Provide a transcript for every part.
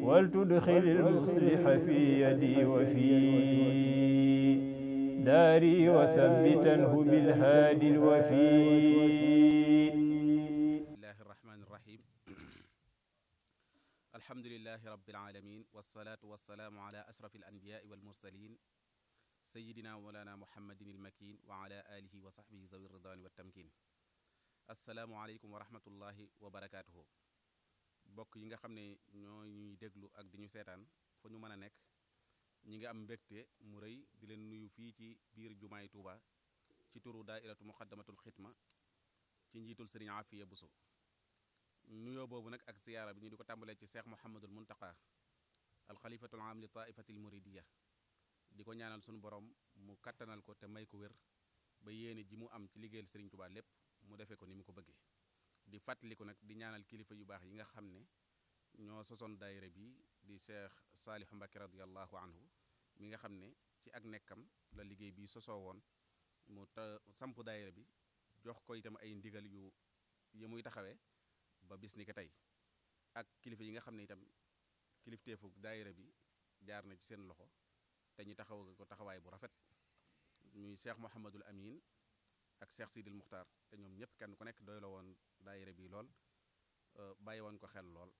ولتدخل المصلح في يدي وفي داري وثبتنه بالهادي الوفي الله الرحمن الرحيم الحمد لله رب العالمين والصلاة والسلام على أشرف الأنبياء والمرسلين سيدنا مولانا محمد المكين وعلى آله وصحبه ذوي الرضوان والتمكين السلام عليكم ورحمة الله وبركاته bokk yi nga xam ne ñoo ñuy déglu ak di ñu seetaan fa ñu mën a nekk ñi ngi am mbégte mu rëy di leen nuyu fii ci biir jumaay Touba ci turu daairatu muqaddamatul xidma ci njiitul sëriñ Afiya Buso nuyoo boobu nag ak siyaara bi ñu di ko tàmbalee ci seex Muhammadul Muntaqa alxalifatul aam li taifatil muridiya di ko ñaanal sunu borom mu kattanal ko te may ko wér ba yéene ji mu am ci liggéeyal sëriñ Touba lépp mu defee ko ni mu ko bëggee di fàttaliku nag di ñaanal kilifa yu baax yi nga xam ne ñoo sosoon daayira bi di Cheikh Saliou Mbacké radiallahu anhu mi nga xam ne ci ak nekkam la liggéey bi sosoo woon mu ta samp daayira bi jox ko itam ay ndigal yu yi muy taxawee ba bis ni ko tey ak kilifa yi nga xam ne itam kilifteefu daayira bi jaar na ci seen loxo te ñu taxaw ko taxawaay bu rafet muy Cheikh Mouhamadul Amin ak Cheikh Sidil Muxtaar te ñoom ñëpp kenn ku nekk doy la woon daayira bi lool euh, bàyyi woon ko xel lool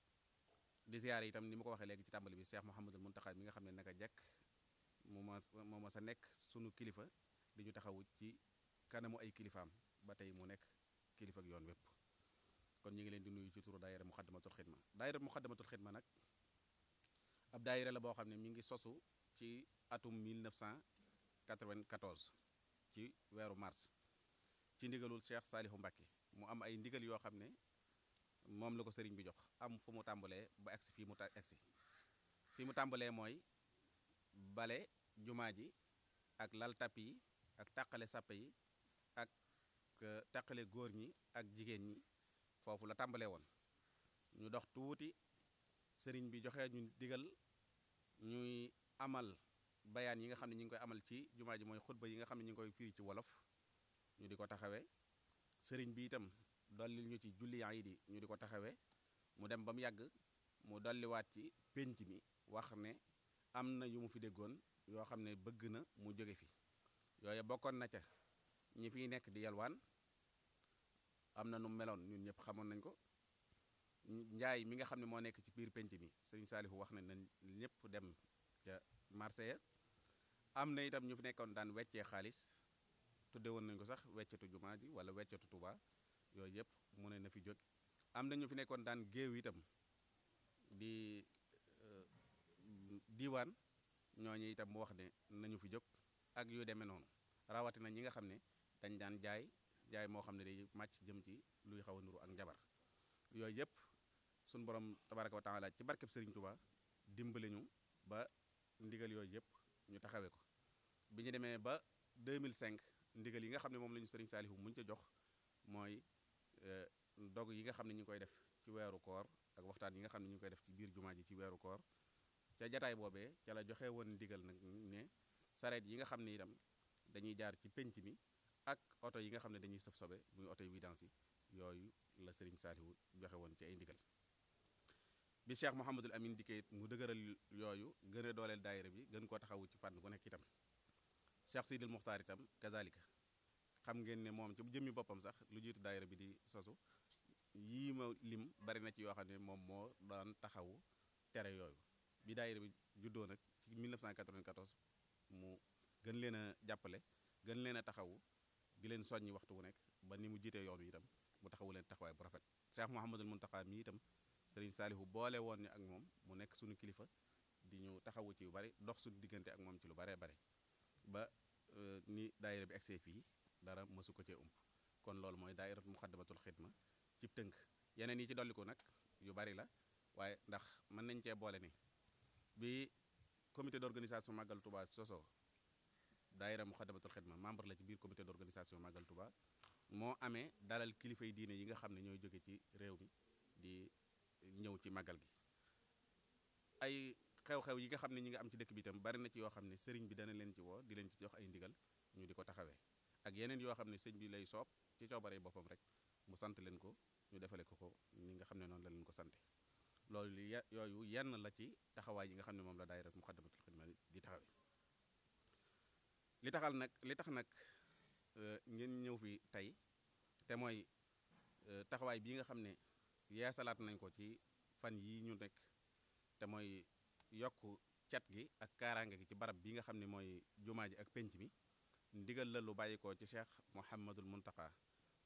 di ziyaare itam ni ma ko waxee léegi ci tàmbali bi Cheikh Mouhamadul Muntaxa mi nga xam ne naka jekk moo ma moo ma sa nekk sunu kilifa di ñu taxawu ci kanamu ay kilifaam ba tey mu nekk kilifa yoon wépp kon ñu ngi leen di nuyu ci turu daayira Muxaddamatul Xidma daayira Muxaddamatul Xidma nag ab daayira la boo xam ne mu ngi sosu ci atum 1994 ci weeru mars ci ndigalul Cheikh Saalihu Mbacke mu am ay ndigal yoo xam ne moom la ko sëriñ bi jox am fu mu tàmbalee ba agsi fii mu agsi fii mu tàmbalee mooy bale jumaa ji ak lal tapp yi ak taqale sàpp yi ak euh, taqale góor ñi ak jigéen ñi foofu la tàmbalee woon ñu dox tuuti sëriñ bi joxe ñu digal ñuy amal bayaan yi nga xam ne ñu ngi koy amal ci jumaa ji mooy xutba yi nga xam ne ñu ngi koy firi ci wolof ñu di ko taxawee sëriñ bi itam dollil ñu ci julli yi di ñu di ko taxawee mu dem ba mu yàgg mu dolliwaat ci pénc mi wax ne am na yu mu fi déggoon yoo xam ne bëgg na mu jóge fi yooyu bokkoon na ca ñi fiy nekk di yalwaan am na nu meloon ñun ñëpp xamoon nañ ko njaay mi nga xam ne moo nekk ci biir pénc mi sëriñ Saalihu wax na nañ ñëpp dem ca marché ya am na itam ñu fi nekkoon daan weccee xaalis tudde woon nañu ko sax weccatu jumaa ji wala weccatu tubaa yooyu yëpp mu ne na fi jóg am na ñu fi nekkoon daan géew itam di euh, diiwaan ñooñu itam mu wax ne nañu fi jóg ak yu demee noonu rawatina ñi nga xam ne dañ daan jaay jaay moo xam ne day màcc jëm ci luy xaw a nuru ak njabar yooyu yëpp suñu borom tabaraka wa laaj ci barkeb Sëriñ Tuubaa dimbale ñu ba ndigal yooyu yëpp ñu taxawee ko bi ñu demee ba mille cinq ndigal yi nga xam ne moom lañu ñu sëriñ saalihu muñ ca jox mooy euh, dog yi nga xam ne ñu ngi koy def ci weeru koor ak waxtaan yi nga xam ne ñu ngi koy def ci biir jumaa ji ci weeru koor ca jataay boobee ca la joxe woon ndigal nag ne sareet yi nga xam ne itam dañuy jaar ci pénc mi ak oto yi nga xam ne dañuy sëf sobe muy oto yu vidange yi yooyu la sëriñ saalihu joxe woon ci ay ndigal bi cheikh mouhamadul amin dikkee mu dëgëral yooyu gën a dooleel daayira bi gën koo taxawu ci fànn gu nekk itam Cheikh Sidil Muxtaar itam kazalika xam ngeen ne moom ci jëmmi boppam sax lu jiitu daayira bi di sosu yii ma lim bari na ci yoo xam ne moom moo daan taxawu tere yooyu bi daayira bi juddoo nag ci 1994 mu gën leen a jàppale gën leen a taxawu di leen soññi waxtu wu nekk ba ni mu jiitee yoon wi itam mu taxawu leen taxawaay bu rafet Cheikh Mouhamadul Mountakha mi itam Serigne Saalihu boole woon ni ak moom mu nekk suñu kilifa di ñu taxawu ci yu bari dox suñu diggante ak moom ci lu baree bare ba euh, ni daayira bi egsee fii dara mësu ko cee ump kon loolu mooy daayiratu muxaddamatul xidma ci tënk yeneen yi ci dolliku nag yu bari la waaye ndax mën nañ cee boole ni bi comité d'organisation màggal Touba soso daayira muxaddamatul xidma membre la ci biir comité d'organisation màggal Touba moo amee dalal kilifa kilifay diine yi nga xam ne ñooy jóge ci réew mi di ñëw ci màggal gi xew-xew yi nga xam ne ñi nga am ci dëkk bi itam bari na ci yoo xam ne sëriñ bi dana leen ci woo di leen ci jox ay ndigal ñu di ko taxawee ak yeneen yoo xam ne sëñ bi lay soob ci coobaree boppam rek mu sant leen ko ñu defale ko ko ni nga xam ne noonu la leen ko sante loolu yooyu yenn la ci taxawaay yi nga xam ne moom la rek daayira Muxaddamatul ma di taxawee li taxal nag li tax nag euh, ngeen ñëw fi tey te mooy euh, taxawaay bii nga xam ne yeesalaat nañ ko ci fan yii ñu nekk te yokk cat gi ak kaaraanga gi ci barab bi nga xam ni mooy jumaa ji ak pénc mi ndigal la lu bàyyikoo ci cheikh Mouhamadul Mountakha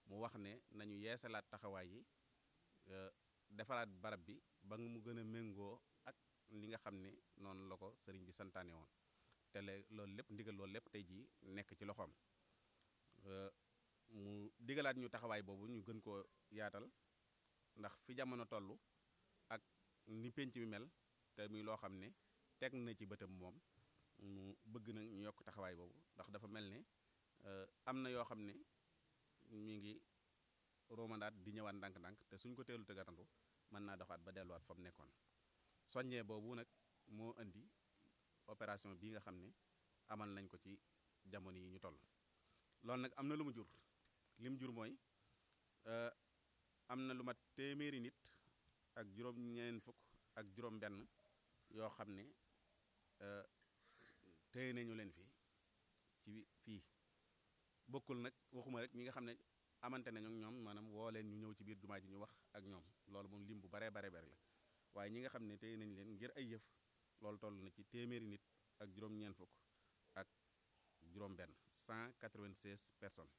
mu wax ne nañu yeesalaat taxawaay yi euh, defaraat barab bi ba mu gën a méngoo ak li nga xam ne noonu la ko sëriñ bi santaane woon te loolu lépp ndigal loolu lépp tey jii nekk ci loxoom euh, mu digalaat ñu taxawaay boobu ñu gën koo yaatal ndax fi jamono toll ak ni penc mi mel te muy loo xam ne teg na ci bëtam moom mu bëgg nag ñu yokk taxawaay boobu ndax dafa mel ne euh, am na yoo xam ne ñu ngi romandaat di ñëwaat ndànk-ndànk te suñ ko teelu te mën naa doxaat ba delluwaat fa nekkoon soññee boobu nag moo indi opération bii nga xam ne amal nañ ko ci jamono yi ñu toll loolu nag am na lu ma jur lim jur mooy euh, am na lu mat téeméeri nit ak juróom ñeen fukk ak juróom benn yoo xam ne euh, téye nañu leen fii ci fii bokkul nag waxuma rek ñi nga xam ne amante nañu ñoom maanaam woo leen ñu ñëw ci biir jumaa ji ñu wax ak ñoom loolu moom lim bu baree bare bari la waaye ñi nga xam ne téye nañu leen ngir ay yëf loolu toll na ci téeméeri nit ak juróom-ñeent fukk ak juróom-benn 196 personnes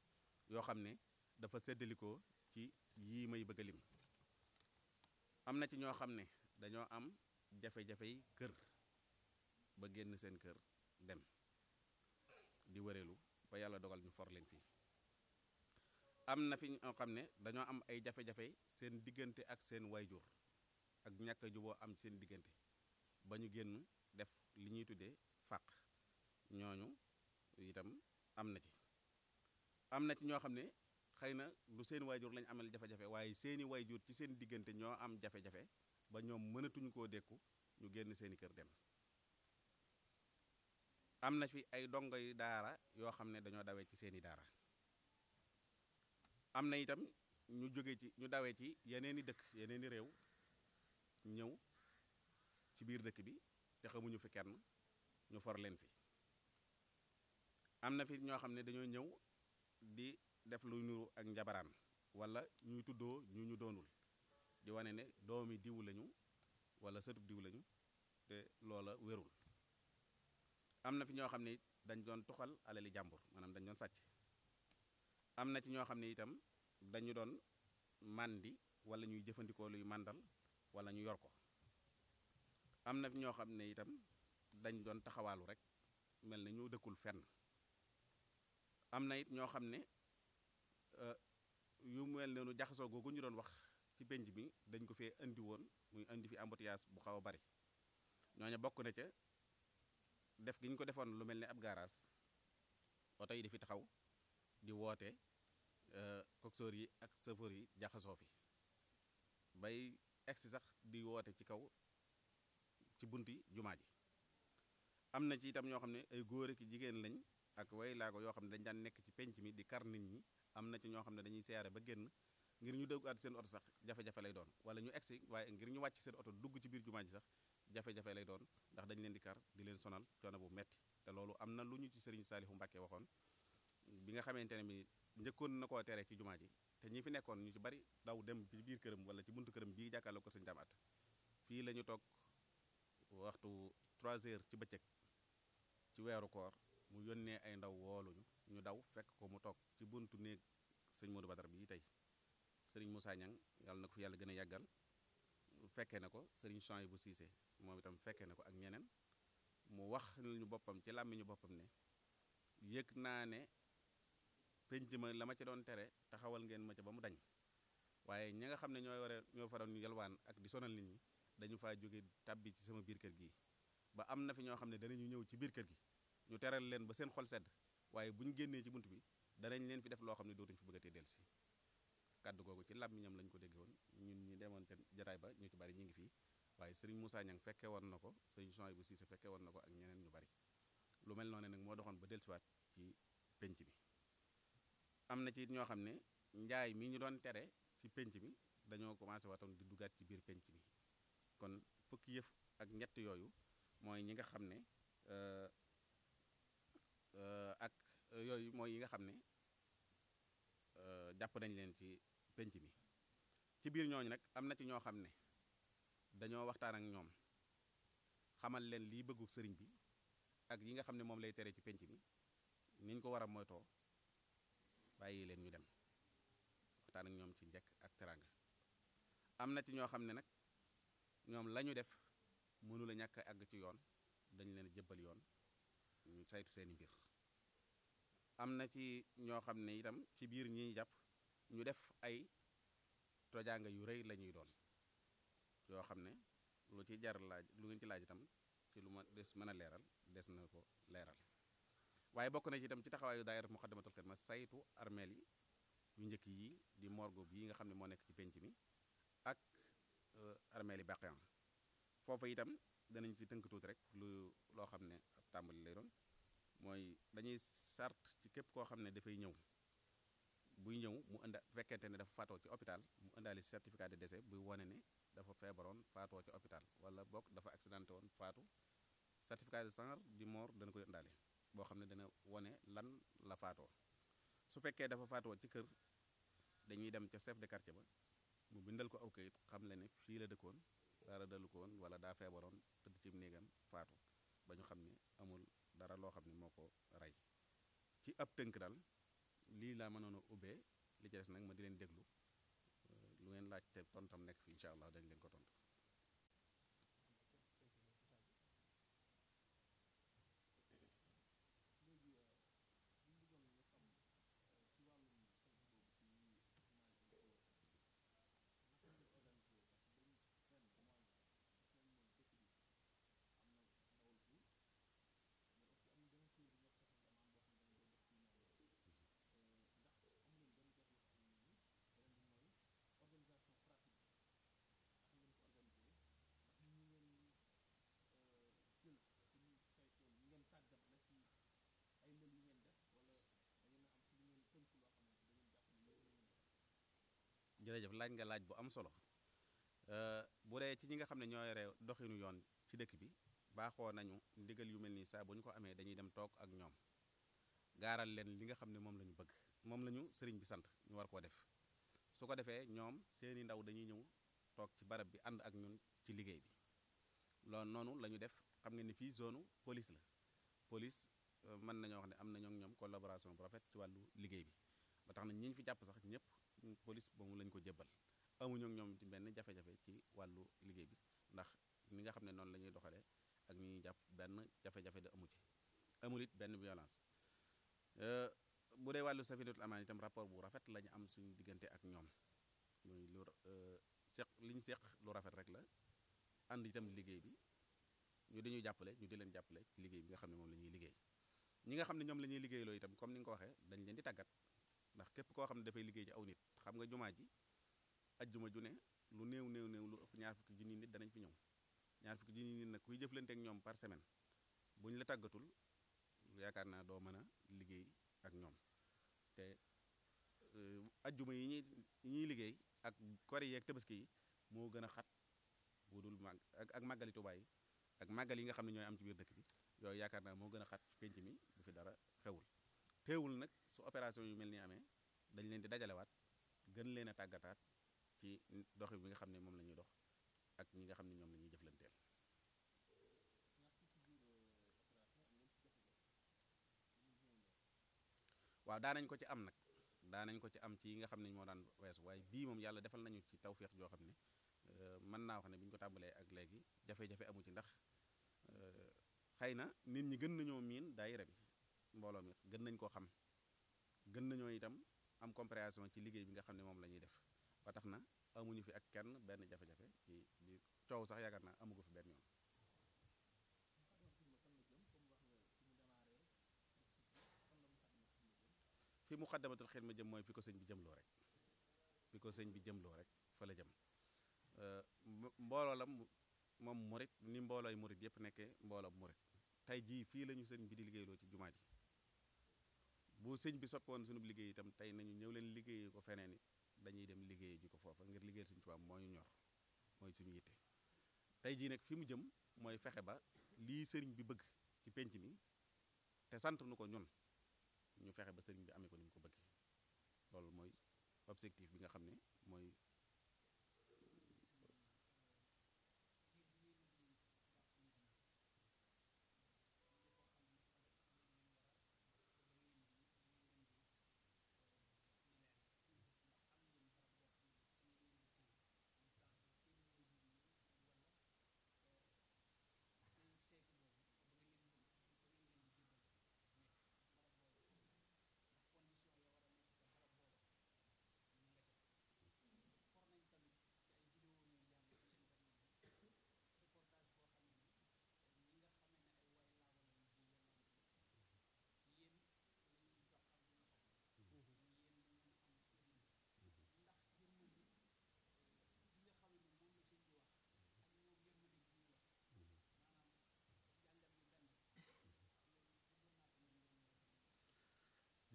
yoo xam ne dafa séddalikoo ci yii may bëgg lim am na ci ñoo xam ne dañoo am. jafe-jafey kër ba génn seen kër dem di wërelu ba yàlla dogal ñu for leen fii am na fi ñoo xam ne dañoo am ay jafe-jafe seen diggante ak seen wayjur ak ñàkk a juboo am seen diggante ba ñu génn def li ñuy tuddee fàq ñooñu itam am na ci am na ci ñoo xam ne xëy na du seen waajur lañ amal jafe-jafe waaye seeni waajur ci seen diggante ñoo am jafe-jafe ba ñoom mënatuñ koo dékku ñu génn seeni kër dem am na fi ay dongo yu daara yoo xam ne dañoo dawee ci seeni daara am na itam ñu jóge ci ñu dawee ci yeneen yeneeni dëkk yeneeni réew ñëw ci biir dëkk bi te xamuñu fi kenn ñu for leen fi am na fi ñoo xam ne dañoo ñëw di def lu nuru ak njabaraan wala ñuy tuddoo ñu ñu doonul di wane ne doomi diw lañu wala sëtub diw lañu te loola wérul am na fi ñoo xam ne dañ doon tuxal alali jàmbur maanaam dañ doon sàcc am na ci ñoo xam ne itam dañu doon màndi wala ñuy jëfandikoo luy màndal wala ñu yor ko am na ñoo xam ne itam dañ doon taxawaalu rek mel na ñu dëkkul fenn am na it ñoo xam ne euh, yu mel ne nu jaxasoo googu ñu doon wax ci penc mi dañ ko fee indi woon muy indi fi embouteillage bu xaw a bari ñooñu bokk na ca def gi ñu ko defoon lu mel ni ab garage oto yi dafi taxaw di woote euh, coxeur yi ak chauffeur yi jaxasoo fi bay egsi sax di woote ci kaw ci bunti jumaa ji am na ci itam ñoo xam ne ay góor ak jigéen lañ ak way laa ko yoo xam ne dañ daan nekk ci penc mi di kar nit ñi am na ci ñoo xam ne dañuy seere ba génn ngir ñu duggaat seen oto sax jafe-jafe lay doon wala ñu egsi waaye ngir ñu wàcc seen oto dugg ci biir jumaa ji sax jafe-jafe lay doon ndax dañu leen di kar di leen sonal coono bu metti te loolu am na lu ñu ci sëriñ Saalihu Mbàkke waxoon bi nga xamante ne mi njëkkoon na ko tere ci jumaa ji te ñi fi nekkoon ñu ci bari daw dem ci biir këram wala ci buntu këram bii jàkkaarloo ko sañ Daam fii la ñu toog waxtu 3 heures ci bëccëg ci weeru koor mu yónnee ay ndaw wooluñu ñu daw fekk ko mu toog ci buntu néeg sëñ Modou Badar bii tey sëriñ Moussa Niang yàlla na ko fi yàlla gën a yàggal fekke na ko sëriñ Change bu Cissé moom itam fekkee na ko ak ñeneen mu wax ñu boppam ci làmmiñu boppam ne yëg naa ne penc ma la ma ca doon tere taxawal ngeen ma ca ba mu dañ waaye ñi nga xam ne ñooy ware ñoo fa doon yalwaan ak di sonal nit ñi dañu faa jóge tàbbi ci sama biir kër gii ba am na fi ñoo xam ne danañu ñëw ci biir kër gi ñu teral leen ba seen xol sedd waaye bu ñu génnee ci bunt bi danañ leen fi def loo xam ne dootuñ fi bëggatee dellusi kàddu googu ci làmmiñam lañ ko dégg woon ñun ñi demoon te jataay ba ñu ci bari ñu ngi fii waaye sëriñ Moussa Niang fekke woon na ko sëriñ Souhaïbou na ko ak ñeneen ñu bi am na ci ñoo xam ne njaay mi ñu doon tere ci penc bi dañoo commencé waatoon di dugaat ci biir penc bi kon fukki yëf ak ñett yooyu mooy ñi nga xam ne euh, euh, ak euh, yooyu mooy yi nga xam ne Euh, jàpp nañ leen ci penc mi ci biir ñooñu nag am na ci ñoo xam ne dañoo waxtaan ak ñoom xamal leen lii bëggu sëriñ bi ak yi nga xam ne moom lay tere ci penc mi niñ ko war a moytoo bàyyi leen ñu dem waxtaan ak ñoom ci njëkk ak teranga am na ci ñoo xam ne nag ñoom la def mënula ñàkk àgg ci yoon dañ leen jëbbal yoon ñu saytu seeni mbir am na ci ñoo xam ne itam ci biir ñi jàpp ñu def ay tojaanga yu rëy la ñuy doon yoo xam ne lu ci jar laaj lu ngeen ci laaj itam ci lu ma des mën a leeral des na ko leeral waaye bokk na ci itam ci taxawaayu daayira Muxaddamatul Xidma saytu armeel yi yu njëkk yi di morgo bii nga xam ne moo nekk ci penc mi ak euh, armeel yi Baqiyan foofu itam danañ ci tënk tuuti rek lu loo xam ne ab tàmbali lay doon mooy dañuy sart ci képp koo xam ne dafay ñëw buy ñëw mu ënda fekkente ne dafa faatoo ci hôpital mu indaale certificat de décès buy wane ne dafa feebaroon faatoo ci hôpital wala bokk dafa accidenté woon faatu certificat de genre di mort dana koy ëndaale boo xam ne dana wane lan la faatoo su fekkee dafa faatoo ci kër dañuy dem ca chef de quartier ba mu bindal ko aw kayit xam le ne fii la dëkkoon dara dalu ko wala daa feebaroon tëdd ci néegam faatu ba ñu xam ne amul dara loo xam ne moo ko rey ci ab tënk daal lii laa mënoon a ubbee li ci nag ma di leen déglu lu ngeen laaj te tontam nekk fi incha allah dañ leen ko tontu. jërëjëf laaj nga laaj bu am solo euh, bu dee ci ñi nga xam ne ñoo yore doxinu yoon ci dëkk bi baaxoo nañu ndigal yu mel nii saa bu ñu ko amee dañuy dem toog ak ñoom gaaral leen li nga xam ne moom la ñu bëgg moom la ñu sëriñ bi sant ñu war koo def su ko defee ñoom seeni ndaw dañuy ñëw toog ci barab bi ànd ak ñun ci liggéey bi loolu noonu la ñu def xam nga ni fii zone police la police euh, mën nañoo wax ne am na ñoo ñoom collaboration bu rafet ci wàllu liggéey bi ba tax na ñi ñu fi jàpp sax ñëpp police ba mu lañ ko jébbal amuñook ñoom ci benn jafe-jafe ci wàllu liggéey bi ndax ni nga xam ne noonu la ñuy doxalee ak ñuy jàpp benn jafe-jafe da amu ci amul it benn violence euh, bu dee wàllu safinatul amaan itam rapport bu rafet la am suñu diggante ak ñoom muy lu euh, seq li ñu seq lu rafet rek la ànd itam liggéey bi ñu dañuy jàppale ñu di leen jàppale ci liggéey bi nga xam ne moom la ñuy liggéey ñi nga xam ne ñoom la ñuy liggéey loo itam comme ni nga ko waxee dañ leen di tàggat ndax képp koo xam ne dafay liggéey ci aw nit xam nga jumaa ji ajjuma ju ne lu néew néew néew lu ëpp ñaar fukki junni nit danañ fi ñëw ñaar fukki junni nit nag kuy jëflante ak ñoom par semaine bu ñu la tàggatul yaakaar naa doo mën a liggéey ak ñoom te euh, ajjuma yi ñuy ñuy liggéey ak kori yeeg tabaski yi moo gën a xat bu dul màgg ak ak màggali ak màggal yi nga xam ne ñooy am ci biir dëkk bi yooyu yaakaar naa moo gën a xat penc mi bu fi dara xewul teewul nag su opération yu mel ni amee dañ leen di dajalewaat gën leen a tàggataat ci doxi bi nga xam ne moom lañuy dox ak ñi nga xam ne ñoom la ñuy jëflanteel waaw daanañ ko ci am nag daanañ ko ci am ci yi nga xam ne moo daan weesu waaye bii moom yàlla defal nañu ci tawféex joo xam ne euh, mën naa wax ne bi ñu ko tàmbalee ak léegi jafe-jafe amu ci ndax euh, xëy na nit ñi gën nañoo miin daayira bi mbooloo mi gën nañ koo xam gën nañoo itam am compréhension ci liggéey bi nga xam ne moom la ñuy def ba tax na amuñu fi ak kenn benn jafe-jafe coow sax yaakaar naa amu ko fi benn yoon. fi mu xaddamatul ma jëm mooy fi ko sëñ bi jëmloo rek fi ko sëñ bi jëmloo rek fa la jëm mbooloo la moom murit ni mboolooy murit yëpp nekkee mbooloo murit tey jii fii la ñu sëñ bi di liggéeyloo ci jumaa ji bu sëñ bi soppi woon suñu liggéey itam tey nañu ñëw leen liggéey ko feneen dañuy dem liggéey ji ko foofa ngir liggéeyal suñu tubaab moo ñu ñor mooy suñu yitte tey jii nag fi mu jëm mooy fexe ba lii sëriñ bi bëgg ci penc mi te sant nu ko ñun ñu fexe ba sëriñ bi amee ko ni mu ko bëgg loolu mooy objectif bi nga xam ne mooy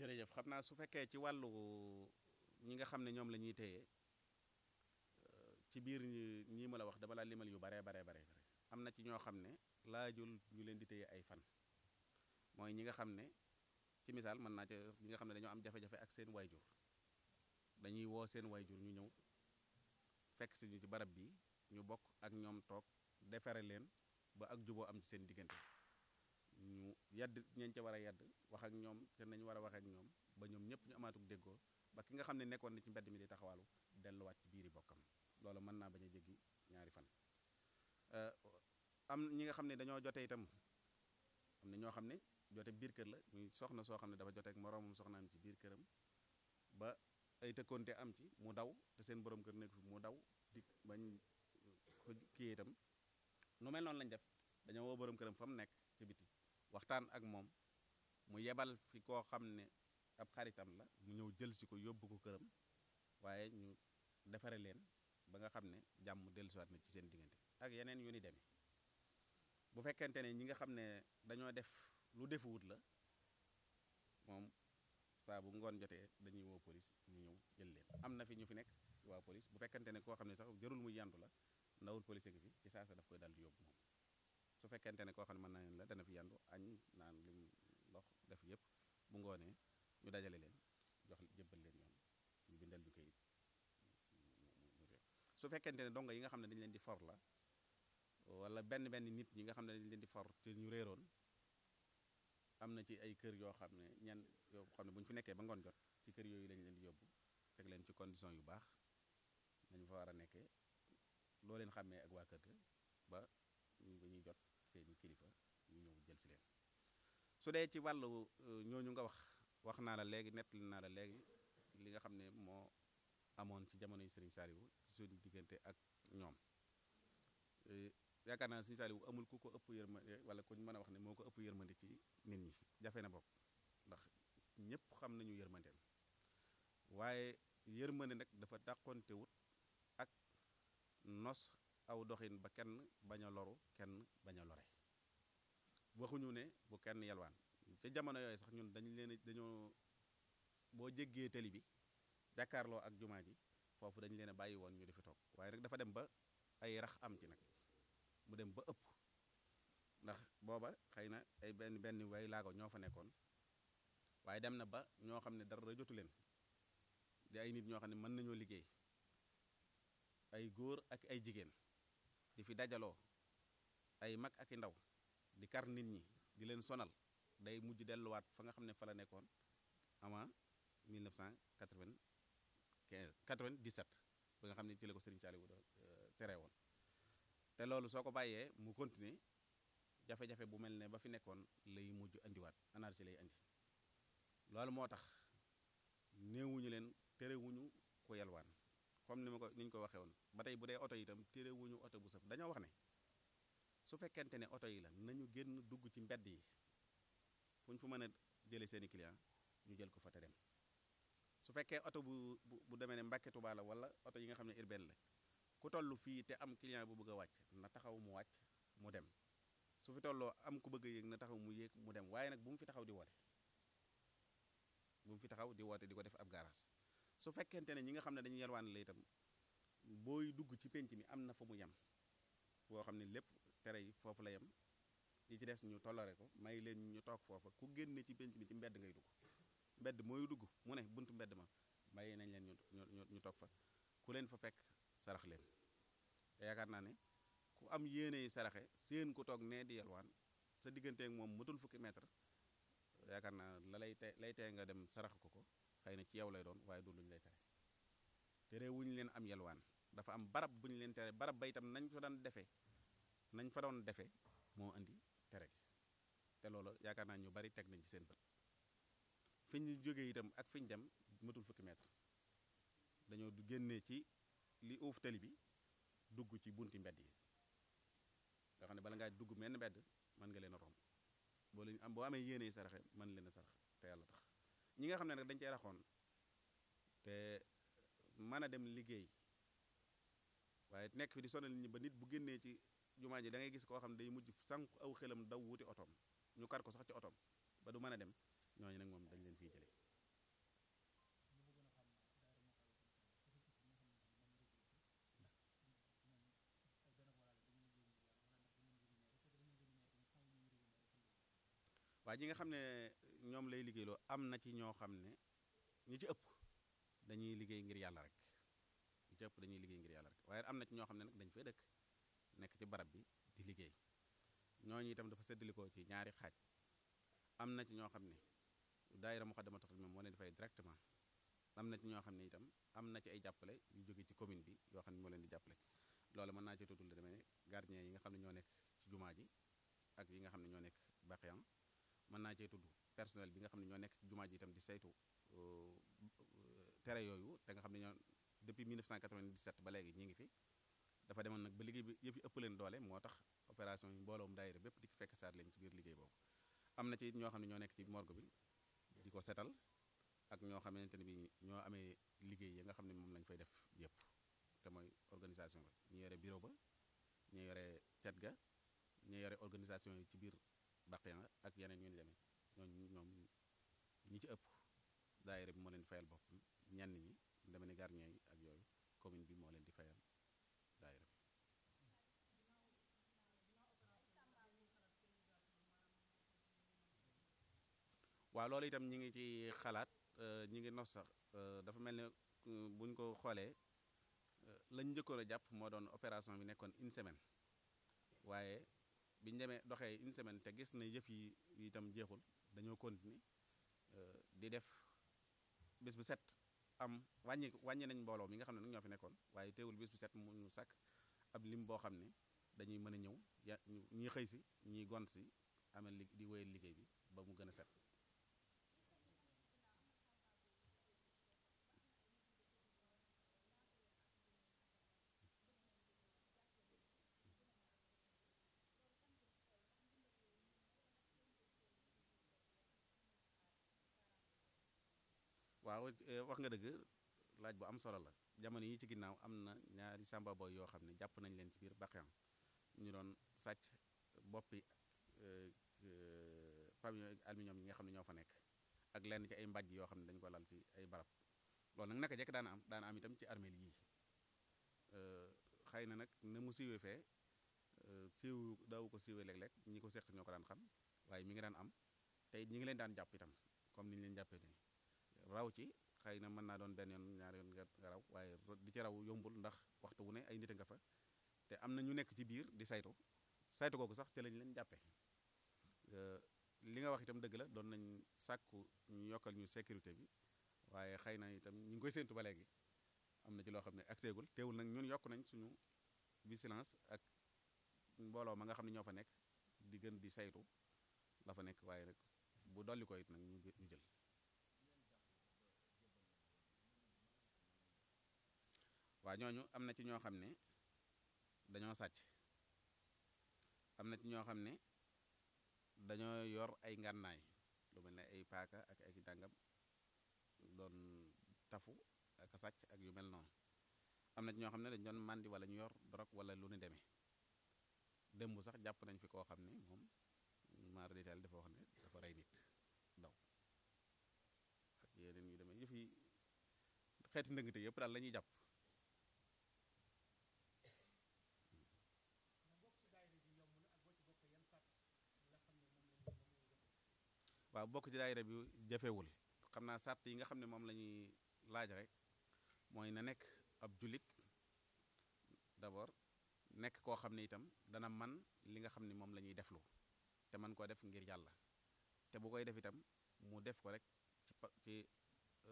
jërëjëf xam naa su fekkee ci wàllu ñi nga xam ne ñoom la ñuy téye euh, ci biir ñii ma la wax dama laa limal yu baree baree bare am na ci ñoo xam ne laajul ñu leen di téye ay fan mooy ñi nga xam ne ci misaal mën naa ca ñi nga xam ne dañoo am jafe-jafe ak seen waajur dañuy woo seen wayjur ñu ñëw fekk si ñu ci barab bi ñu bokk ak ñoom toog defare leen ba ak juboo am ci seen diggante ñu yadd ñañ ca war a yadd wax ak ñoom te nañ war a wax ak ñoom ba ñoom ñëpp ñu amaatuk déggoo ba ki nga xam ne nekkoon na ci mbedd mi di taxawaalu delluwaat ci biiri bokkam loolu mën naa bañ a jéggi ñaari fan am ñi nga xam ne dañoo jote itam am na ñoo xam ne jote biir kër la muy soxna soo xam ne dafa jote ak moroomum soxnaam ci biir këram ba ay tëkkoonte am ci mu daw te seen boroom kër nekk fi mu daw di bañ ko kii itam nu mel noonu lañ def dañoo woo borom këram fa mu nekk waxtaan ak moom mu yebal fi koo xam ne ab xaritam la mu ñëw jël si ko yóbbu ko këram waaye ñu defare leen ba nga xam ne jàmm dellusiwaat na ci seen diggante ak yeneen yu ni demee bu fekkente ne ñi nga xam ne dañoo def lu defuwut la moom saa ngoon jotee dañuy woo police ñu ñëw jël leen am na fi ñu fi nekk waa police bu fekkente ne koo xam ne sax jërul muy yantu la ndawul police ngi fi ci saa sa daf koy dal di yóbbu moom su fekkente ne koo xam ne mën na leen la dana fi yandu añ naan lim ndox def yëpp bu ngoonee ñu dajale leen jox jëbbal leen yoon ñu bindal ñu kayit su fekkente ne dongo yi nga xam ne dañ leen di for la wala benn benn nit ñi nga xam ne dañ leen di for te ñu réeroon am na ci ay kër yoo xam ne ñan yoo xam ne buñ fi nekkee ba ngoon jot ci kër yooyu lañ leen di yóbbu fekk leen ci condition yu baax dañ fa war a nekkee loo leen xàmmee ak waa kër ga ñu ba ñuy jot seeni kilifa ñu ñëw jël si leen su dee ci wàllu euh, ñooñu nga wax wax naa la léegi nettali naa la léegi li nga xam ne moo amoon ci jamono yi Serigne Saliou ci suñu diggante ak ñoom euh, yaakaar naa Serigne Saliou amul ku ko ëpp yërmande wala ku mën a wax ne moo ko ëpp yërmande ci nit ñi jafe na bopp ndax ñëpp xam nañu yërmandeem waaye yërmande nag dafa dàqonte wut ak nos aw doxin ba kenn bañ a loru kenn bañ a lore waxuñu ne bu kenn yalwaan ca jamono yooyu sax ñun dañu leen dañoo boo jéggee tali bi jàkkaarloo ak jumaa ji foofu dañu leen a bàyyi woon ñu di fi toog waaye nag dafa dem ba ay rax am ci nag mu dem ba ëpp ndax booba xëy na ay benn benn way laago ñoo fa nekkoon waaye dem na ba ñoo xam ne dara jotu leen di ay nit ñoo xam ne mën nañoo liggéey ay góor ak ay jigéen di fi dajaloo ay mag ak i ndaw di kar nit ñi di leen sonal day mujj delluwaat fa nga xam ne fa la nekkoon avant 1995 97 ba nga xam ne ci la ko Serigne Saliou euh, tere woon te loolu soo ko bàyyee mu continuer jafe-jafe bu mel ne ba fi nekkoon lay mujj andiwaat anarchie lay andi loolu moo tax néewuñu leen terewuñu ko yalwaan comme ni ma ko niñ ko waxee woon ba tey bu dee oto yi itam terewuñu oto bu sëf dañoo wax ne su fekkente ne oto yi la nañu génn dugg ci mbedd yi fu ñu fu mën a jëlee seen i client ñu jël ko fa te dem su fekkee oto bu bu demee ne Mbàkke Tuubaa la wala oto yi nga xam ne urbaine la ku toll fii te am client bu bëgg a wàcc na taxaw mu wàcc mu dem su fi tolloo am ku bëgg a yéeg na taxaw mu yéeg mu dem waaye nag bu mu fi taxaw di woote bu mu fi taxaw di woote di ko def ab garage su fekkente ne ñi nga xam ne dañu yelwaan la itam booy dugg ci pénc mi am na fa mu yem boo xam ne lépp tere yi foofu la yem yi ci des ñu tollare ko may leen ñu toog foofa ku génne ci penc mi ci mbedd ngay dugg mbedd mooy dugg mu ne buntu mbedd ma bàyyi nañ leen ñu ñu toog fa ku leen fa fekk sarax leen yaakaar naa ne ku am yéene yi saraxe seen ku toog nee di yelwaan sa digganteek moom mutul fukki mètre yaakaar naa la lay te lay tee nga dem sarax ko ko xëy na ci yow lay doon waaye du luñ lay tere tere wuñu leen am yelwaan dafa am barab bu ñu leen tere barab ba itam nañ ko daan defee nañ fa doon defee moo indi tere gi te loolu yaakaar naa ñu bari teg nañ ci seen bët fi ñu jógee itam ak fi ñu dem matul fukki mètre dañoo du génnee ci li uuf tali bi dugg ci bunti mbedd yi nga xam ne bala ngaa dugg menn mbedd mën nga leen a romb boo leen am boo amee yéene saraxe mën leen a sarax te yàlla tax ñi nga xam ne nag dañ cee raxoon te mën a dem liggéey waaye nekk fi di sonal nit ñi ba nit bu génnee ci jumaa yi dangay gis koo xam ne day mujj sànq aw xelam daw wuti otoom ñu kar ko sax ci otoom ba du mën a dem ñooñ nag moom dañ leen fii jële waaye ñi nga xam ne ñoom lay liggéeyloo am na ci ñoo xam ne ñu ci ëpp dañuy liggéey ngir yàlla rek ñi ci ëpp dañuy liggéey ngir yàlla rek waaye am na ci ñoo xam ne nag dañu fay dëkk nekk ci barab bi di liggéey ñooñu itam dafa séddalikoo ci ñaari xaaj am na ci ñoo xam ne daayira Moukhaddamatoul Khidma moom moo leen di fay directement am na ci ñoo xam ne itam am na ci ay jàppale yu jóge ci commune bi yoo xam ne moo leen di jàppale loolu mën naa ci tuddul demee ne gardien yi nga xam ne ñoo nekk ci jumaa ji ak yi nga xam ne ñoo nekk Baqiyan mën naa cee tuddu personnel bi nga xam ne ñoo nekk ci jumaa ji itam di saytu euh, tere yooyu te nga xam ne ñoo depuis 1997 ba léegi ñi ngi fi dafa demoon nag ba liggéey bi yëf yi ëpp leen doole moo tax opération yi mbooloom daayira bépp di fekk saat leen ci biir liggéey na ci it ñoo xam ne ñoo nekk ci morgue bi di ko setal ak ñoo xamante ne bi ñoo amee liggéey yi nga xam ne moom lañ fay def yëpp te mooy organisation bi ñu yore bureau ba ñu yore cet ga ñu yore organisation yi ci biir bàqiya ak yeneen ñu ni demee ñooñu ñoom ñi ci ëpp daayira bi moo leen di fayal boppam ñenn ñi deme ni garñee yi ak yooyu commune bi moo leen di fayal daayira bi waaw loolu itam ñi ngi ci xalaat euh, ñi ngi nos sax euh, dafa mel ni euh, buñ ko xoolee lañ njëkkoon a jàpp moo doon opération bi nekkoon une semaine waaye biñ demee doxee une semaine te gis na yëf yi itam jeexul dañoo continuer euh, di def bis bu set am wàññi wàññi nañ mbooloo mi nga xam ne nag ñoo fi nekkoon waaye teewul bis bu set mu ñu sàkk ab lim boo xam ne dañuy mën a ñëw ya ñii xëy si ñii gont si amal li di wéyal liggéey bi ba mu gën a set waaw eh, wax nga dëgg laaj bu am solo la jamono yi ci ginnaaw am na ñaari samba boy yoo xam ne jàpp nañ leen ci biir Bakheng ñu doon sàcc boppi eh, eh, pavillon aluminium yi nga xam ne ñoo fa nekk ak lenn ci ay mbàjj yoo xam ne dañ ko lal ci ay barab lool nag naka jekk daan am daan am itam ci armeel yii xëy na nag ne mu siiwee fee siiw daawu ko siiwee léeg-léeg ñi ko seq ñoo ko daan xam waaye mi ngi daan am tey ñi ngi leen daan jàpp itam comme ni ñu leen jàppee nii raw ci xëy na mën naa doon benn yoon ñaar yoon nga raw waaye di ci raw yombul ndax waxtu wu ne ay nit a nga fa te am na ñu nekk ci biir di saytu saytu kooku sax ci lañ leen jàppe li nga wax itam dëgg la doon nañ sàkku ñu yokkal ñu sécurité bi waaye xëy na itam ñu ngi koy séntu ba léegi am na ci loo xam ne agseegul teewul nag ñun yokk nañ suñu vigilance ak mbooloo ma nga xam ne ñoo fa nekk di gën di saytu dafa nekk waaye nag bu dolli ko it nag ñu jël waa ñooñu am na ci ñoo xam ne dañoo sàcc am na ci ñoo xam ne dañoo yor ay ngànnaay lu mel ne ay paaka ak ay dàngam doon tafu ak sàcc ak yu mel noonu am na ci ñoo xam ne dañ doon màndi wala ñu yor drogue wala lu ni demee démb sax jàpp nañ fi koo xam ne moom maar détail dafa wax ne dafa rey nit daw ak yeneen yu demee yëf yi xeeti ndëngte yëpp daal la ñuy jàpp waaw bokk ci daayira bi jafewul xam naa sart yi nga xam ne moom lañuy laaj rek mooy na nekk ab jullit d'abord nekk koo xam ne itam dana man li nga xam ni moom la ñuy deflu te man koo def ngir yàlla te bu koy def itam mu def ko rek ci ci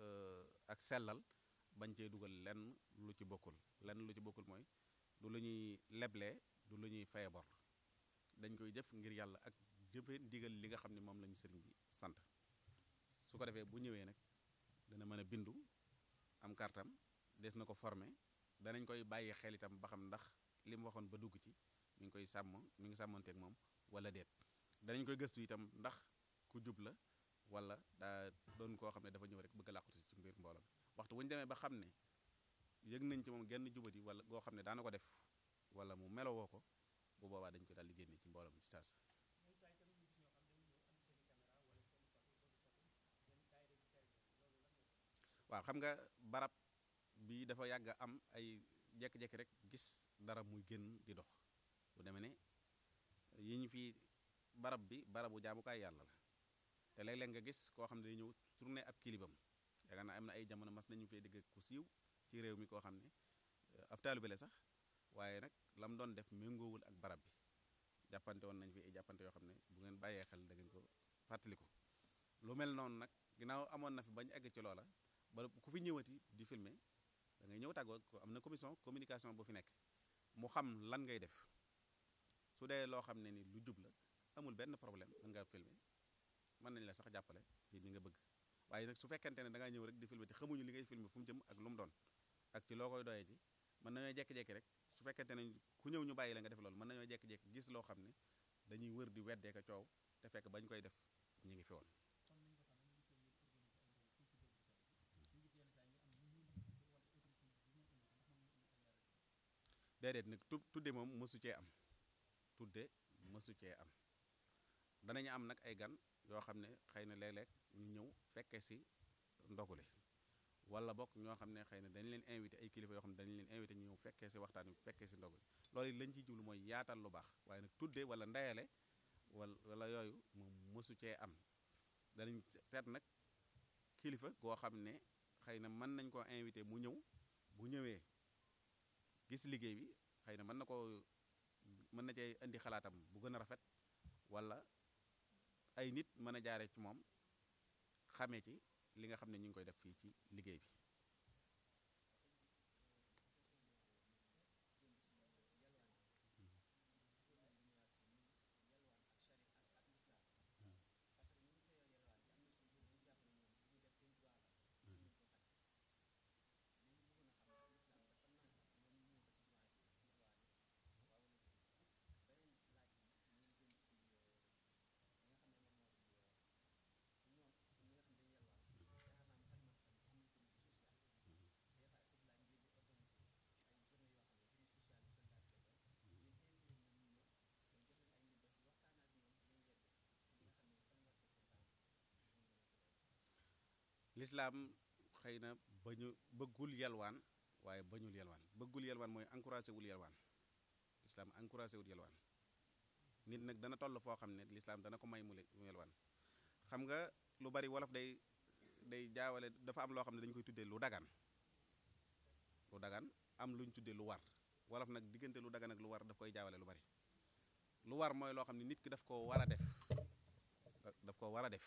euh, ak sellal bañ cee dugal lenn lu ci bokkul lenn lu ci bokkul mooy du lu ñuy leblee du lu ñuy faye bor dañ koy def ngir yàlla ak jëfe ndigal li nga xam ne moom lañu ñu sëriñ bi sant su ko defee bu ñëwee nag dana mën a bindu am kartam des na ko formé danañ koy bàyyi xel itam ba xam ndax li mu waxoon ba dugg ci mi ngi koy sàmm mi ngi sàmmanteeg moom wala déet danañ koy gëstu itam ndax ku jub la wala daa doon koo xam ne dafa ñëw rek bëgg a làquti ci mbir mbooloo waxtu bu ñu demee ba xam ne yëg nañ ci moom genn jubati wala goo xam ne daana ko def wala mu melowoo ko bu boobaa dañ koy daal di ci mbooloo mi ci saas xam nga barab bi dafa yàgg am ay jékki-jékki rek gis dara muy génn di dox lu demee ne yi ñu fi barab bi barabu jaamukaay yàlla la te léeg-léeg nga gis koo xam ne day ñëw tourné ab kilibam yaakaar naa am na ay jamono mas nañu fee dégg ku siiw ci réew mi koo xam ne euh, ab taalibe la sax waaye nag lam doon def méngoowul ak barab bi jàppante woon nañ fi ay jàppante yoo xam ne bu ngeen bàyyee xel dangeen ko fàttali ko lu mel noonu nag ginnaaw amoon na fi bañ egg ci loola ba ku fi ñëwati di filmer da ngay ñëw tàggoo am na commission communication bu fi nekk mu xam lan ngay def su dee loo xam ne ni lu jub la amul benn problème mën ngaa mën nañ la sax jàppale ci ñi nga bëgg waaye nag su fekkente ne da ñëw rek di filmer te xamuñu li ngay filmer fu mu jëm ak lu mu doon ak ci loo koy doyee ji mën nañoo jekki-jekki rek su fekkente ne ku ñëw ñu bàyyi la nga def loolu mën nañoo jekki-jekki gis loo xam ne dañuy wër di weddeeka coow te fekk bañ koy def ñu ngi fi déedéet nag tu tudde moom mësu cee am tudde mësu cee am danañu am nag ay gan yoo xam ne xëy na léeg-léeg ñu ñëw fekke si li walla bokk ñoo xam ne xëy na dañu leen invité ay kilifa yoo xam ne dañu leen invité ñu ñëw fekkee si waxtaan wi fekkee si ndogule loolu lañ ciy jublu mooy yaatal lu baax waaye nag tudde wala ndeyale wala wala yooyu moom mësu cee am danañ seet nag kilifa goo xam ne xëy na mën nañ koo invité mu ñëw bu ñëwee gis liggéey bi xëy na mën na koo mën na cee indi xalaatam bu gën a rafet wala ay nit mën a jaare ci moom xamee ci li nga xam ne ñu ngi koy def fii ci liggéey bi lislaam xëy na bañu bëggul yalwaan waaye bañul yalwaan bëggul yalwaan mooy encouragé wul yalwaan lislaam encouragé wul yalwaan nit nag dana toll foo xam ne lislaam dana ko may mu yalwaan xam nga lu bari wolof day day jaawale dafa am loo xam ne dañ koy tuddee lu dagan lu dagan am luñ tuddee lu war wolof nag diggante lu dagan ak lu war daf koy jaawale lu bari lu war mooy loo xam ne nit ki daf koo war a def daf koo war a def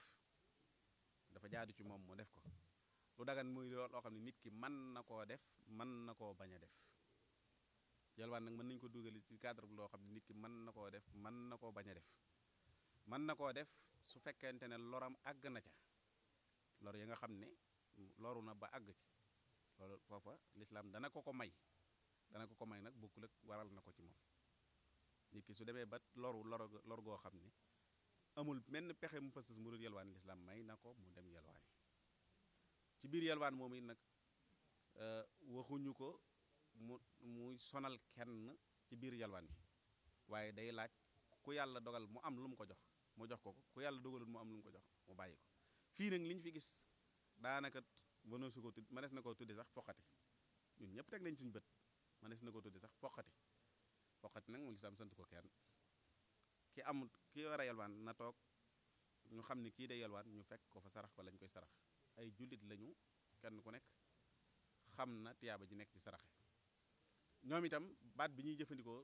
dafa jaadu ci moom mu def ko lu dagan muy loo xam ne nit ki man na koo def mën na koo bañ a def yalwaan nag mën nañ ko dugal ci cadre bi loo xam ne nit ki mën na koo def man na koo bañ a def man na koo def su fekkente ne loram àgg na ca lor yi nga xam ne loru na ba àgg ci loolu foofa lislaam dana ko ko may dana ko ko may nag bokkul ak waral na ko ci moom nit ki su demee ba loru lor goo xam ne amul menn pexe mu fasas mu dul yalwaan lislaam may na ko mu dem yalwaan ci biir yalwaan moom it nag euh, waxuñu ko mu mu sonal kenn ci biir yalwaan yi waaye day laaj ku yàlla dogal mu am lu mu ko jox mu jox ko ko ku yàlla dogalul mu am lu ko jox mu bàyyi ko fii nag li ñu fi gis daanaka mënees na koo tudd mënees na koo tudde sax foqati ñun ñëpp teg nañ suñu bët mënees na ko tudde sax foqati foqati nag mu lislaam sant ko kenn ki amul ki war a yalwaan na toog ñu xam ne kii de yalwaan ñu fekk ko fa sarax ko lañ koy sarax ay jullit lañu kenn ku nekk xam na tiyaaba ji nekk ci saraxe ñoom itam baat bi ñuy jëfandikoo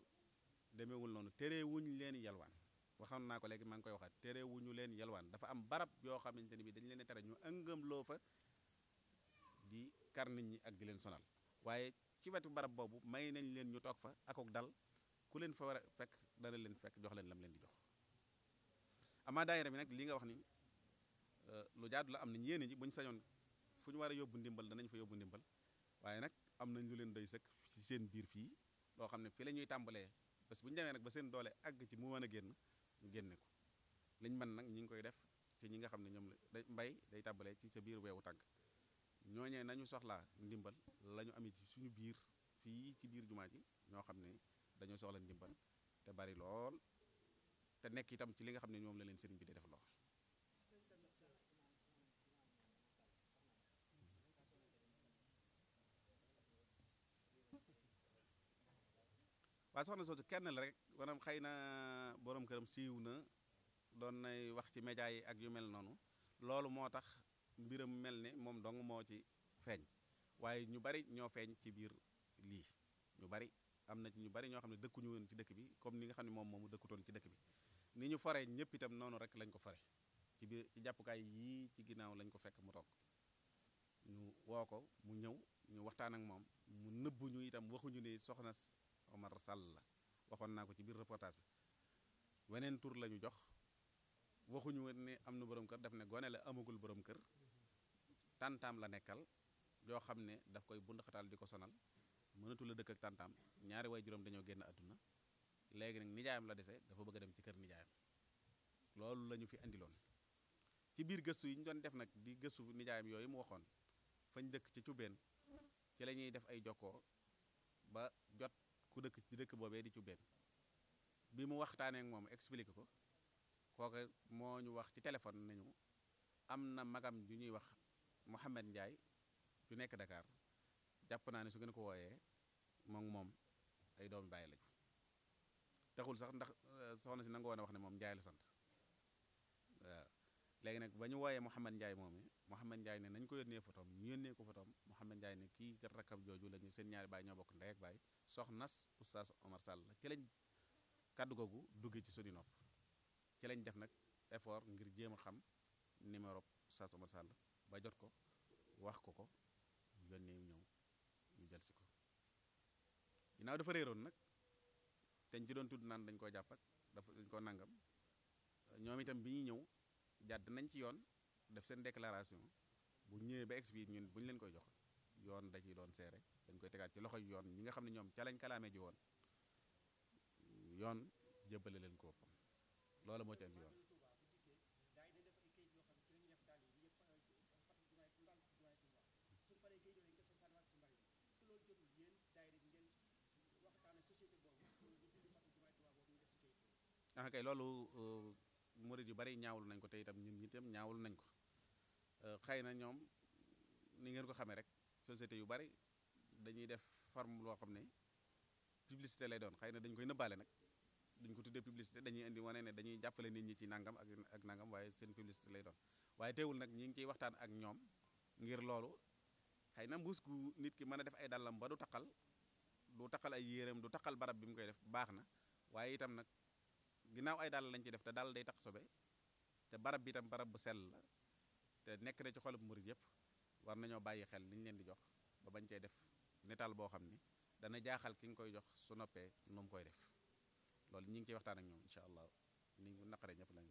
demeewul noonu terewuñ leen yalwaan waxoon naa ko léegi maa ngi koy waxaat terewuñu leen yalwaan dafa am barab yoo xamante ni bii dañu leen tere ñu ëngam loo fa di kar nit ñi ak di leen sonal waaye ci wetu barab boobu may nañ leen ñu toog fa akook dal ku leen fa war dara leen fekk jox leen lam leen di jox amaa daayira bi nag li nga wax ni lu jaadu la am nañ yéene ji buñ sañoon fu ñu war a yóbbu ndimbal danañ fa yóbbu ndimbal waaye nag am nañ lu leen doy sëkk ci seen biir fii loo xam ne fii la ñuy tàmbalee parce que bu ñu demee ba seen doole àgg ci mu mën a génn génne ko lañ mën nag ñi ngi koy def ci ñi nga xam ne ñoom la mbay day tàmbalee ci sa biir weewu tàgg ñooñee nañu soxlaa ndimbal la ñu amee ci suñu biir fii ci biir jumaa ji ñoo xam ne dañoo soxla ndimbal te bari lool te nekk itam ci li nga xam ne ñoom la leen sëriñ bi di def loo waaw soxna soosu kenn la rek maanaam xëy na borom këram siiw na doon nay wax ci média yi ak yu mel noonu loolu moo tax mbiram mel ne moom dong moo ci feeñ waaye ñu bari ñoo feeñ ci biir lii ñu bari am na ci ñu bari ñoo xam ne dëkkuñu woon ci dëkk bi comme ni nga xam ne moom moomu dëkkutoon ci dëkk bi ni ñu fare ñëpp itam noonu rek lañ ko fare ci biir jàppukaay yii ci ginnaaw lañ ko fekk mu toog ñu woo ko mu ñëw ñu waxtaan ak moom mu nëbbu ñu itam waxuñu ne soxna Omar Sall la waxoon naa ko ci biir reportage bi weneen tur la ñu jox waxuñu ne am na borom kër daf ne gone la amagul boroom kër tantaam la nekkal yoo xam ne daf koy bundaxataal di ko sonal mënatu la dëkk ak tàntaam ñaari waay juróom dañoo génn àdduna léegi nag nijaayam la dese dafa bëgg dem ci kër nijaayam loolu lañu fi indiloon ci biir gëstu yi ñu doon def nag di gëstu nijaayam yooyu mu waxoon fañ dëkk ci cubeen ci lañuy def ay jokkoo ba jot ku dëkk ci dëkk boobee di cubeen bi mu waxtaaneek moom expliqué ko kooke moo ñu wax ci téléphone nañu am na magam ju ñuy wax Mouhamed njaay ju nekk Dakar jàpp naa ne su ngeen ko wooyee moom moom ay doomi bàyyi lañu taxul sax ndax euh, soxna si nanga woon wax ne moom Njaay la sant waaw léegi nag ba ñu wooyee Mouhamad Ndiaye moom i Mouhamad Ndiaye ne nañ ko yónnee fotoom ñu yónnee ko fotoom Mouhamad Ndiaye ne kii kat rakkam jooju la ñu seen ñaari baay ñoo bokk ndey ak baay soxnas Oustaz Omar Sall la ci lañ kàddu googu ci suñu nopp ci lañ def nag effort ngir jéem a xam numéro Oustaz Omar Sall ba jot ko wax ko ko dem si ko ginnaaw dafa réeroon nag teñ ci doon tudd naan dañ koo jàppal dafa dañ koo nangam ñoom itam bi ñuy ñëw jàdd nañ ci yoon def seen déclaration bu ñëwee ba expire ñun bu ñu leen koy jox yoon da ciy doon seere dañ koy tegaat ci loxo yi yoon ñi nga xam ne ñoom ca lañ kalaame ji woon yoon jébbale leen ko boppam loolu moo ci am yoon ah kay loolu euh, murit yu bari ñaawlu nañ ko te itam ñun itam ñaawlu nañ ko euh, xëy na ñoom ni ngeen ko xamee rek société yu bari dañuy def form loo xam ne publicité lay doon xëy na dañ koy nëbbaale nag dañ ko tuddee publicité dañuy indi wane ne dañuy jàppale nit ñi ci nangam ak ak nangam waaye seen publicité lay doon waaye teewul nag ñi ngi ciy waxtaan ak ñoom ngir loolu xëy na mbuus ku nit ki mën a def ay dàllam ba du taqal du taqal ay yéeram du taqal barab bi mu koy def baax na ginnaaw ay dàll lañ ci def te dàll day tax sobe te barab bi tam barab bu sell la te nekk na ci xolub murit yëpp war nañoo bàyyi xel li leen di jox ba bañ cee def netaal boo xam ni dana jaaxal ki nga koy jox su noppee nu mu koy def loolu ñu ngi ciy waxtaan ak ñoom incha allah ni naqaree ñëpp lañ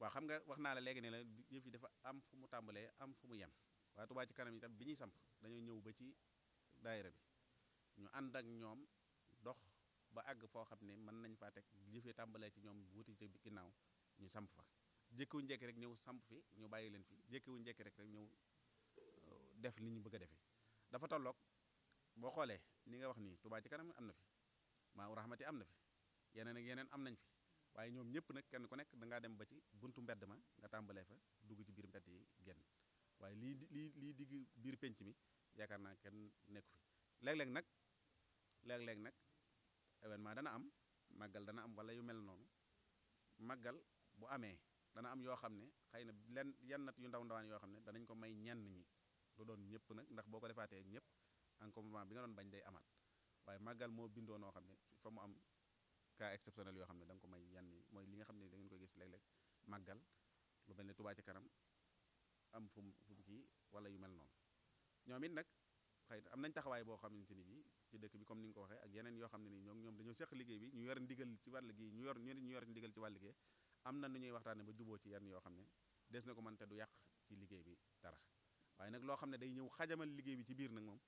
waa xam nga wax naa la léegi ne la yëf yi dafa am fu mu tàmbalee am fu mu yem waaye Touba ci kanam yi tam bi ñuy samp dañoo ñëw ba ci daayira bi ñu ànd ak ñoom dox ba àgg foo xam ne mën nañ faa teg yëf yi tàmbalee ci ñoom wuti bi ginnaaw ñu samp fa jékkiwuñ njëkk rek ñëw samp fi ñu bàyyi leen fi jékkiwuñ njëkk rek rek ñëw euh, def li ñu bëgg a defee dafa tolloog boo xoolee ni nga wax nii Touba ci kanam am na fi maa rahmati am na fi yeneen ak yeneen am nañ fi waaye ñoom ñëpp nag kenn ku nekk dangaa dem ba ci buntu mbedd ma nga tàmbalee fa dugg ci biir mbedd yi genn waaye lii lii lii digg biir penc mi yaakaar naa kenn nekku fi léeg-léeg nag léeg-léeg nag événement dana am màggal dana am walla yu mel noonu màggal bu amee dana am yoo xam ne xëy na lenn nat yu ndaw ndawaan yoo xam ne danañ ko may ñenn ñi lu doon ñëpp nag ndax boo ko defaatee ñëpp encombrement bi nga doon bañ day amaat waaye màggal moo bindoo noo xam ne mu am cas exceptionnel yoo xam ne da ko may yan yi mooy li nga xam ne da koy gis léeg-léeg màggal lu mel ne Touba ci kanam am fu mu fu kii wala yu mel noonu ñoom it nag xëy na am nañ taxawaay boo xamante ni bii dëkk bi comme ni nga ko waxee ak yeneen xam ne ni ñoom dañoo seq liggéey bi ñu yor ndigal ci wàll gi ñu yor ñu yor ndigal ci wàll ba juboo ci yenn yoo xam ne des na ko man te du yàq ci liggéey bi dara waaye nag loo xam ne day ñëw xajamal liggéey bi ci biir nag moom